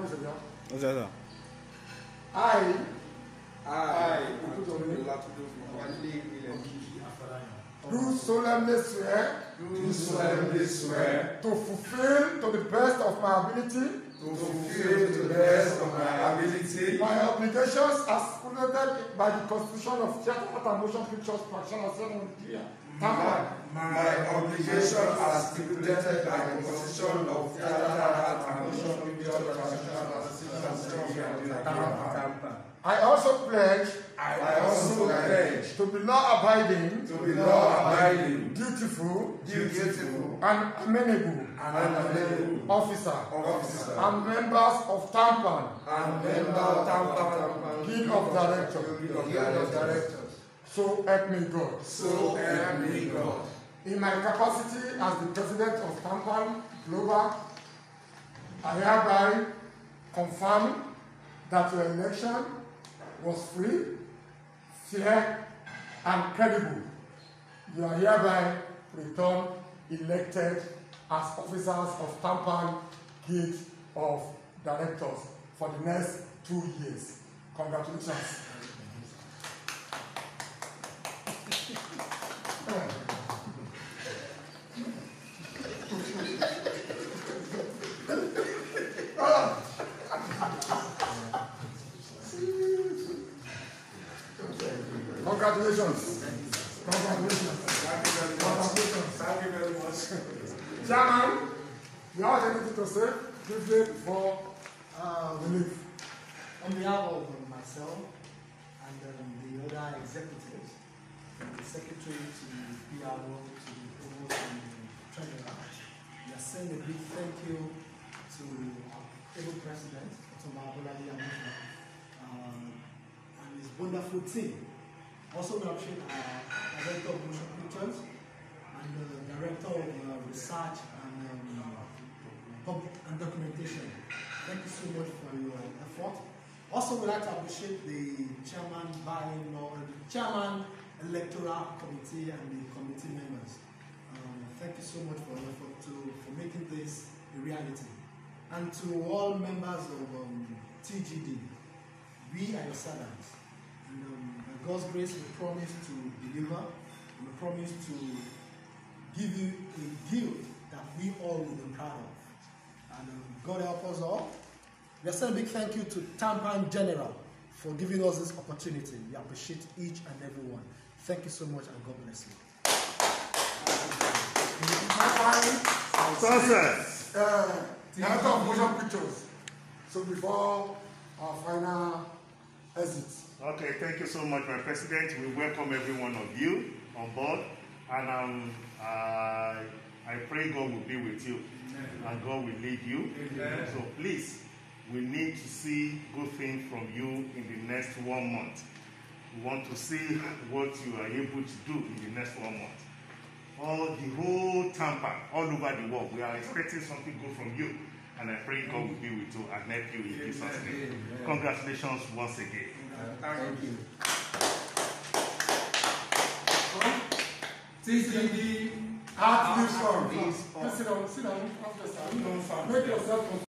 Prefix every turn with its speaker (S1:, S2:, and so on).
S1: nous
S2: sommes do solemnly
S1: swear, to fulfill to the best of my ability to fulfill to the best of my ability my obligations as stipulated by the constitution of Church and Motion Pictures Production Association of Nigeria. My, my obligations as stipulated by the constitution of Church and Motion Pictures
S2: I also pledge I, I also pledge to be law abiding, to be law abiding, dutiful, dutiful,
S1: and amenable, and amenable, officer, officer, and
S2: members of Tampan, and members of Tampan, guild of directors, guild of directors. So help me God. So help me God. In my capacity as the president of Tampan Global, I hereby confirm that your election was free fair, eh? and credible, you are hereby returned elected as officers of Tampan Guild of Directors for the next two years. Congratulations.
S1: Congratulations. Congratulations. Thank you very much. Chairman, you have anything to say briefly for uh, relief? On behalf of um, myself and um, the other executives, the secretary to the PRO, to the provost and the treasurer, we are sending a big thank you to our able president, Dr. Mahabulali Amusha, um, uh, and his wonderful team also an option uh, director of motion pictures and uh, director of uh, research and, um, and documentation. Thank you so much for your effort. Also, we'd like to appreciate the chairman, Barry Law, the chairman, electoral committee, and the committee members. Um, thank you so much for your effort to, for making this a reality. And to all members of um, TGD, we are your servants you know, by God's grace, we promise to deliver. We promise to give you a gift that we all will be proud of. And um, God help us all. We are saying a big thank you to Tampan General for giving us this opportunity. We appreciate each and every one. Thank you so much and God bless you.
S2: Sunset. Uh, a lot of motion pictures. So before Okay, thank you so much, my president. We welcome every one of you on board, and um, I, I pray God will be with you, Amen. and God will lead you. Amen. So please, we need to see good things from you in the next one month. We want to see what you are able to do in the next one month. All the whole Tampa, all over the world, we are expecting something good from you. And I pray God will be with you and help you in Jesus' name. Congratulations once again. 当然行。C C D，态度端正，态度端正，态度端正。